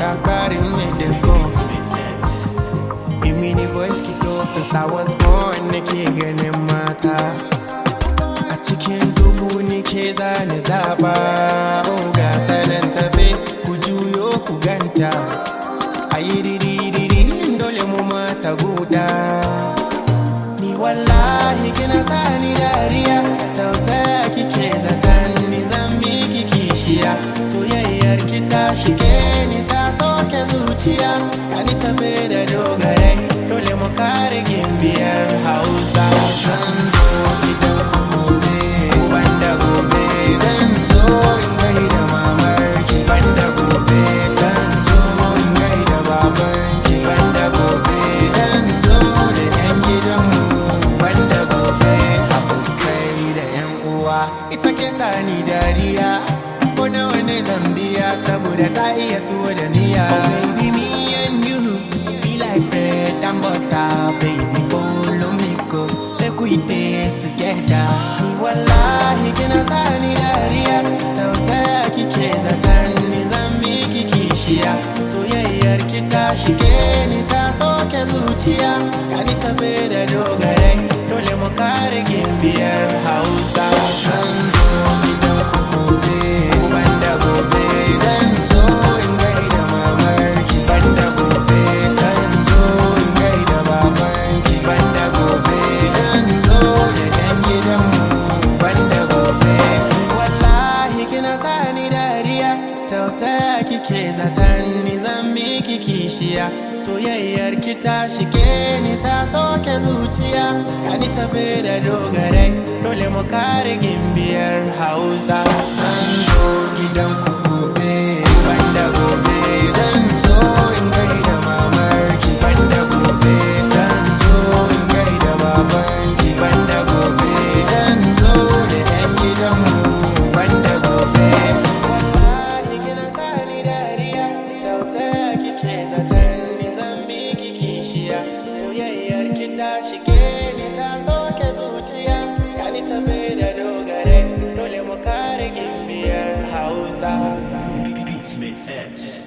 Takari in the box. Kujuyo kuganta. Ayi di wallahi kina sani dariya tautaya kike zatar ni zan miki kishiya soyayyar ki ta shige ni ta sauke zuciya ka ni da dogarai dole mu kare gimbiyar hausa zan zo gidan gobe banda gobe zan zo mamarki banda gobe zan zo banda gobe zan zo kowa ita ke sani dariya ko nawa ne zambiya saboda ta iya tuwo da niya baby me and you be like bread and butter baby follow me go make we dey together ni wallahi kina sani dariya tautaya kike zatar ni zan miki kishiya soyayyar ki ta shige ni ta soke zuciya ka ni tabe da dogare ke zatan ni zan miki kishiya soyayyar ki ta shige ni ta soke zuciya ka ni tabe da dogarai dole mu kare gimbiyar hausa zan zo gidanku shige ni ta soke zuciya ya ni tabe da dogare dole mu kare gimbiyar hausa Beats Made X.